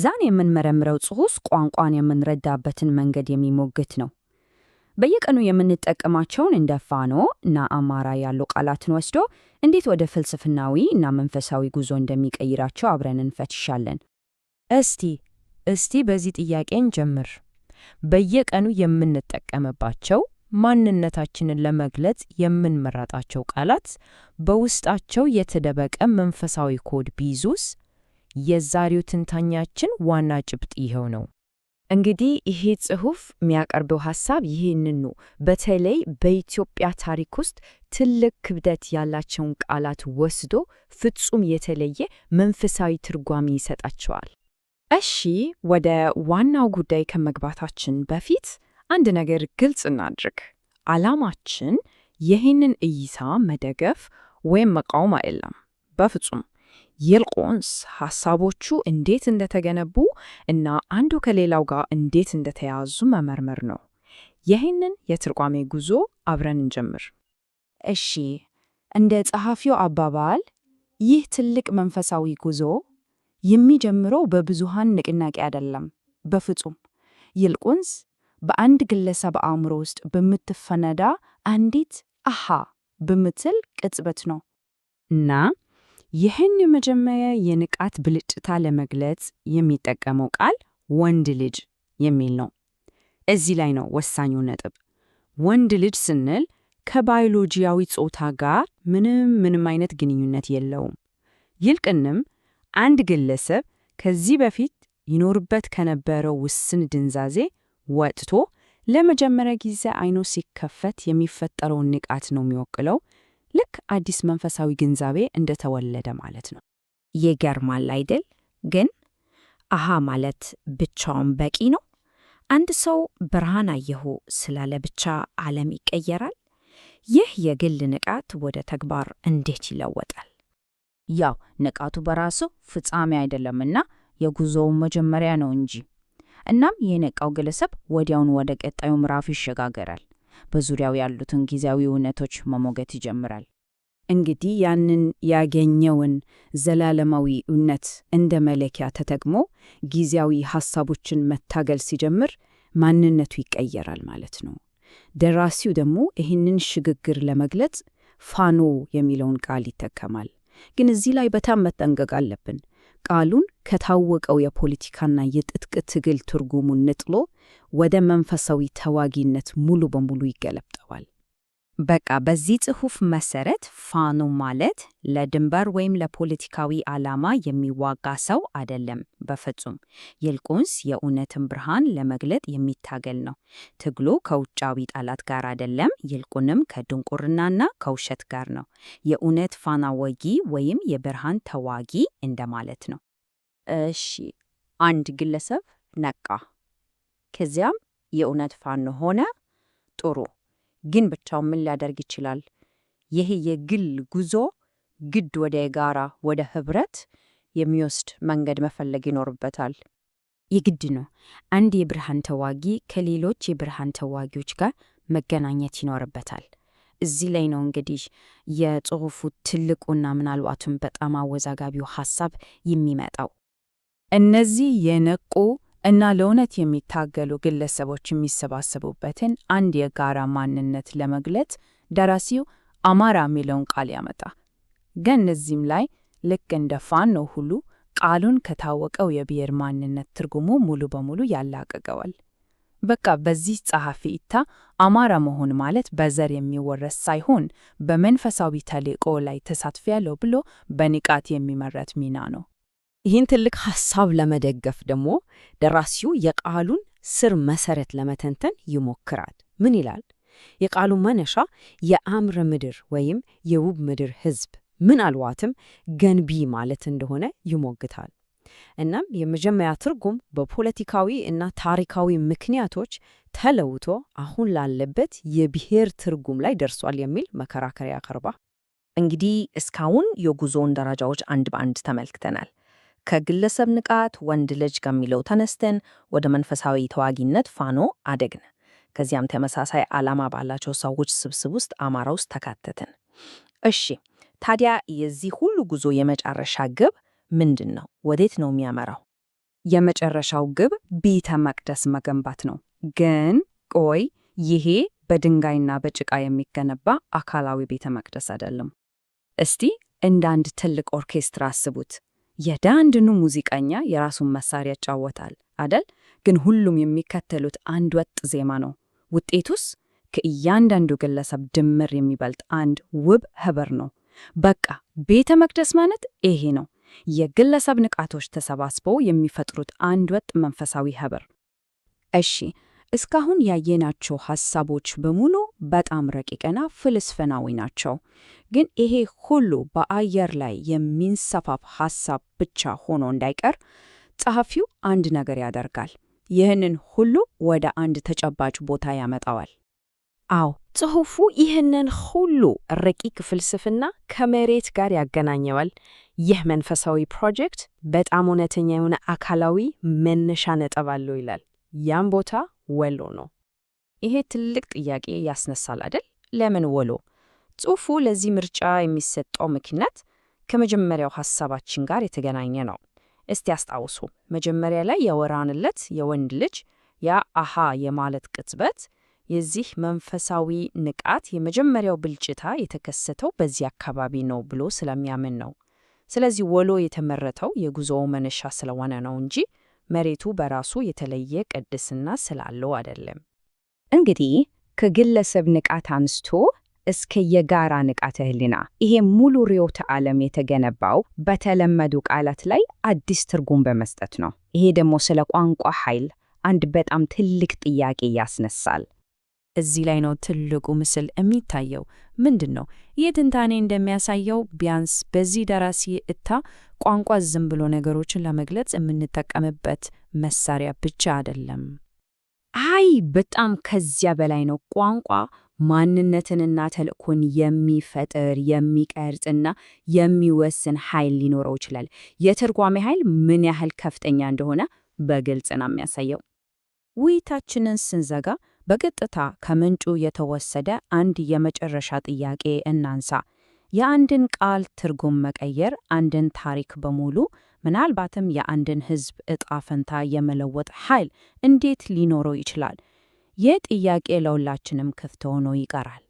ዛን የምንመረምረው ጽሑፍ ቋንቋን የምንረዳበትን መንገድ የሚሞግት ነው። በየቀኑ የምንጠቀማቸውን እንደ ፋኖ እና አማራ ያሉ ቃላትን ወስዶ እንዴት ወደ ፍልስፍናዊ እና መንፈሳዊ ጉዞ እንደሚቀይራቸው አብረን እንፈትሻለን። እስቲ እስቲ በዚህ ጥያቄን ጀምር በየቀኑ የምንጠቀምባቸው ማንነታችንን ለመግለጽ የምንመረጣቸው ቃላት በውስጣቸው የተደበቀ መንፈሳዊ ኮድ ቢይዙስ የዛሬው ትንታኛችን ዋና ጭብጥ ይኸው ነው። እንግዲህ ይሄ ጽሑፍ የሚያቀርበው ሐሳብ ይህንን ነው። በተለይ በኢትዮጵያ ታሪክ ውስጥ ትልቅ ክብደት ያላቸውን ቃላት ወስዶ ፍጹም የተለየ መንፈሳዊ ትርጓሜ ይሰጣቸዋል። እሺ፣ ወደ ዋናው ጉዳይ ከመግባታችን በፊት አንድ ነገር ግልጽ እናድርግ። ዓላማችን ይህንን እይታ መደገፍ ወይም መቃወም አይደለም፣ በፍጹም ይልቁንስ ሐሳቦቹ እንዴት እንደተገነቡ እና አንዱ ከሌላው ጋር እንዴት እንደተያዙ መመርመር ነው። ይህንን የትርጓሜ ጉዞ አብረን እንጀምር። እሺ፣ እንደ ጸሐፊው አባባል ይህ ትልቅ መንፈሳዊ ጉዞ የሚጀምረው በብዙሃን ንቅናቄ አይደለም፣ በፍጹም ይልቁንስ በአንድ ግለሰብ አእምሮ ውስጥ በምትፈነዳ አንዲት አሃ በምትል ቅጽበት ነው እና ይህን የመጀመሪያ የንቃት ብልጭታ ለመግለጽ የሚጠቀመው ቃል ወንድ ልጅ የሚል ነው። እዚህ ላይ ነው ወሳኙ ነጥብ። ወንድ ልጅ ስንል ከባዮሎጂያዊ ጾታ ጋር ምንም ምንም አይነት ግንኙነት የለውም። ይልቅንም አንድ ግለሰብ ከዚህ በፊት ይኖርበት ከነበረው ውስን ድንዛዜ ወጥቶ ለመጀመሪያ ጊዜ አይኖ ሲከፈት የሚፈጠረውን ንቃት ነው የሚወክለው ልክ አዲስ መንፈሳዊ ግንዛቤ እንደተወለደ ማለት ነው። ይገርማል አይደል? ግን አሃ ማለት ብቻውን በቂ ነው? አንድ ሰው ብርሃን አየሁ ስላለ ብቻ ዓለም ይቀየራል? ይህ የግል ንቃት ወደ ተግባር እንዴት ይለወጣል? ያው ንቃቱ በራሱ ፍጻሜ አይደለምና የጉዞውን መጀመሪያ ነው እንጂ። እናም የነቃው ግለሰብ ወዲያውን ወደ ቀጣዩ ምዕራፍ ይሸጋገራል። በዙሪያው ያሉትን ጊዜያዊ እውነቶች መሞገት ይጀምራል። እንግዲህ ያንን ያገኘውን ዘላለማዊ እውነት እንደ መለኪያ ተጠቅሞ ጊዜያዊ ሐሳቦችን መታገል ሲጀምር ማንነቱ ይቀየራል ማለት ነው። ደራሲው ደግሞ ይህንን ሽግግር ለመግለጽ ፋኖ የሚለውን ቃል ይጠቀማል። ግን እዚህ ላይ በጣም መጠንቀቅ አለብን። ቃሉን ከታወቀው የፖለቲካና የትጥቅ ትግል ትርጉሙን ንጥሎ ወደ መንፈሳዊ ተዋጊነት ሙሉ በሙሉ ይገለብጠዋል። በቃ በዚህ ጽሑፍ መሰረት ፋኖ ማለት ለድንበር ወይም ለፖለቲካዊ ዓላማ የሚዋጋ ሰው አይደለም፣ በፍጹም ይልቁንስ የእውነትን ብርሃን ለመግለጥ የሚታገል ነው። ትግሉ ከውጫዊ ጠላት ጋር አይደለም፣ ይልቁንም ከድንቁርናና ከውሸት ጋር ነው። የእውነት ፋና ወጊ ወይም የብርሃን ተዋጊ እንደማለት ነው። እሺ፣ አንድ ግለሰብ ነቃ፣ ከዚያም የእውነት ፋኖ ሆነ። ጥሩ ግን ብቻው ምን ሊያደርግ ይችላል? ይህ የግል ጉዞ ግድ ወደ የጋራ ወደ ህብረት የሚወስድ መንገድ መፈለግ ይኖርበታል። የግድ ነው። አንድ የብርሃን ተዋጊ ከሌሎች የብርሃን ተዋጊዎች ጋር መገናኘት ይኖርበታል። እዚህ ላይ ነው እንግዲህ የጽሑፉ ትልቁና ምናልባቱም በጣም አወዛጋቢው ሀሳብ የሚመጣው። እነዚህ የነቁ እና ለእውነት የሚታገሉ ግለሰቦች የሚሰባሰቡበትን አንድ የጋራ ማንነት ለመግለጽ ደራሲው አማራ የሚለውን ቃል ያመጣ። ግን እዚህም ላይ ልክ እንደ ፋኖ ሁሉ ቃሉን ከታወቀው የብሔር ማንነት ትርጉሙ ሙሉ በሙሉ ያላቀቀዋል። በቃ በዚህ ጸሐፊ እይታ አማራ መሆን ማለት በዘር የሚወረስ ሳይሆን በመንፈሳዊ ተልዕኮ ላይ ተሳትፎ ያለው ብሎ በንቃት የሚመረት ሚና ነው። ይህን ትልቅ ሐሳብ ለመደገፍ ደግሞ ደራሲው የቃሉን ስር መሰረት ለመተንተን ይሞክራል። ምን ይላል? የቃሉ መነሻ የአምር ምድር ወይም የውብ ምድር ህዝብ ምናልባትም ገንቢ ማለት እንደሆነ ይሞግታል። እናም የመጀመሪያ ትርጉም በፖለቲካዊ እና ታሪካዊ ምክንያቶች ተለውቶ አሁን ላለበት የብሔር ትርጉም ላይ ደርሷል የሚል መከራከሪያ ያቀርባ። እንግዲህ እስካሁን የጉዞውን ደረጃዎች አንድ በአንድ ተመልክተናል። ከግለሰብ ንቃት ወንድ ልጅ ከሚለው ተነስተን ወደ መንፈሳዊ ተዋጊነት ፋኖ አደግን። ከዚያም ተመሳሳይ ዓላማ ባላቸው ሰዎች ስብስብ ውስጥ አማራ ውስጥ ተካተትን። እሺ፣ ታዲያ የዚህ ሁሉ ጉዞ የመጨረሻ ግብ ምንድን ነው? ወዴት ነው የሚያመራው? የመጨረሻው ግብ ቤተ መቅደስ መገንባት ነው። ግን ቆይ፣ ይሄ በድንጋይና በጭቃ የሚገነባ አካላዊ ቤተ መቅደስ አይደለም። እስቲ እንደ አንድ ትልቅ ኦርኬስትራ አስቡት። የዳንድኑ ሙዚቀኛ የራሱን መሳሪያ ይጫወታል አደል? ግን ሁሉም የሚከተሉት አንድ ወጥ ዜማ ነው። ውጤቱስ ከእያንዳንዱ ግለሰብ ድምር የሚበልጥ አንድ ውብ ህብር ነው። በቃ ቤተ መቅደስ ማለት ይሄ ነው። የግለሰብ ንቃቶች ተሰባስበው የሚፈጥሩት አንድ ወጥ መንፈሳዊ ህብር። እሺ እስካሁን ያየናቸው ሐሳቦች በሙሉ በጣም ረቂቅና ፍልስፍናዊ ናቸው። ግን ይሄ ሁሉ በአየር ላይ የሚንሰፋፍ ሐሳብ ብቻ ሆኖ እንዳይቀር ጸሐፊው አንድ ነገር ያደርጋል። ይህንን ሁሉ ወደ አንድ ተጨባጭ ቦታ ያመጣዋል። አዎ ጽሑፉ ይህንን ሁሉ ረቂቅ ፍልስፍና ከመሬት ጋር ያገናኘዋል። ይህ መንፈሳዊ ፕሮጀክት በጣም እውነተኛ የሆነ አካላዊ መነሻ ነጥብ አለው ይላል። ያም ቦታ ወሎ ነው። ይሄ ትልቅ ጥያቄ ያስነሳል አይደል? ለምን ወሎ? ጽሑፉ ለዚህ ምርጫ የሚሰጠው ምክንያት ከመጀመሪያው ሐሳባችን ጋር የተገናኘ ነው። እስቲ አስታውሱ። መጀመሪያ ላይ የወራንለት የወንድ ልጅ ያ አሃ የማለት ቅጽበት የዚህ መንፈሳዊ ንቃት የመጀመሪያው ብልጭታ የተከሰተው በዚህ አካባቢ ነው ብሎ ስለሚያምን ነው። ስለዚህ ወሎ የተመረተው የጉዞው መነሻ ስለሆነ ነው እንጂ መሬቱ በራሱ የተለየ ቅድስና ስላለው አይደለም። እንግዲህ ከግለሰብ ንቃት አንስቶ እስከ የጋራ ንቃተ ህሊና ይሄ ሙሉ ርዕዮተ ዓለም የተገነባው በተለመዱ ቃላት ላይ አዲስ ትርጉም በመስጠት ነው። ይሄ ደግሞ ስለ ቋንቋ ኃይል አንድ በጣም ትልቅ ጥያቄ ያስነሳል። እዚህ ላይ ነው ትልቁ ምስል የሚታየው። ምንድን ነው ይህ ትንታኔ እንደሚያሳየው ቢያንስ በዚህ ደራሲ እታ ቋንቋ ዝም ብሎ ነገሮችን ለመግለጽ የምንጠቀምበት መሳሪያ ብቻ አይደለም። አይ በጣም ከዚያ በላይ ነው። ቋንቋ ማንነትንና ተልእኮን የሚፈጥር የሚቀርጽና የሚወስን ኃይል ሊኖረው ይችላል። የትርጓሜ ኃይል ምን ያህል ከፍተኛ እንደሆነ በግልጽ ነው የሚያሳየው። ውይይታችንን ስንዘጋ በቀጥታ ከምንጩ የተወሰደ አንድ የመጨረሻ ጥያቄ እናንሳ። የአንድን ቃል ትርጉም መቀየር አንድን ታሪክ በሙሉ ምናልባትም የአንድን ሕዝብ እጣ ፈንታ የመለወጥ ኃይል እንዴት ሊኖረው ይችላል? ይህ ጥያቄ ለሁላችንም ክፍት ሆኖ ይቀራል።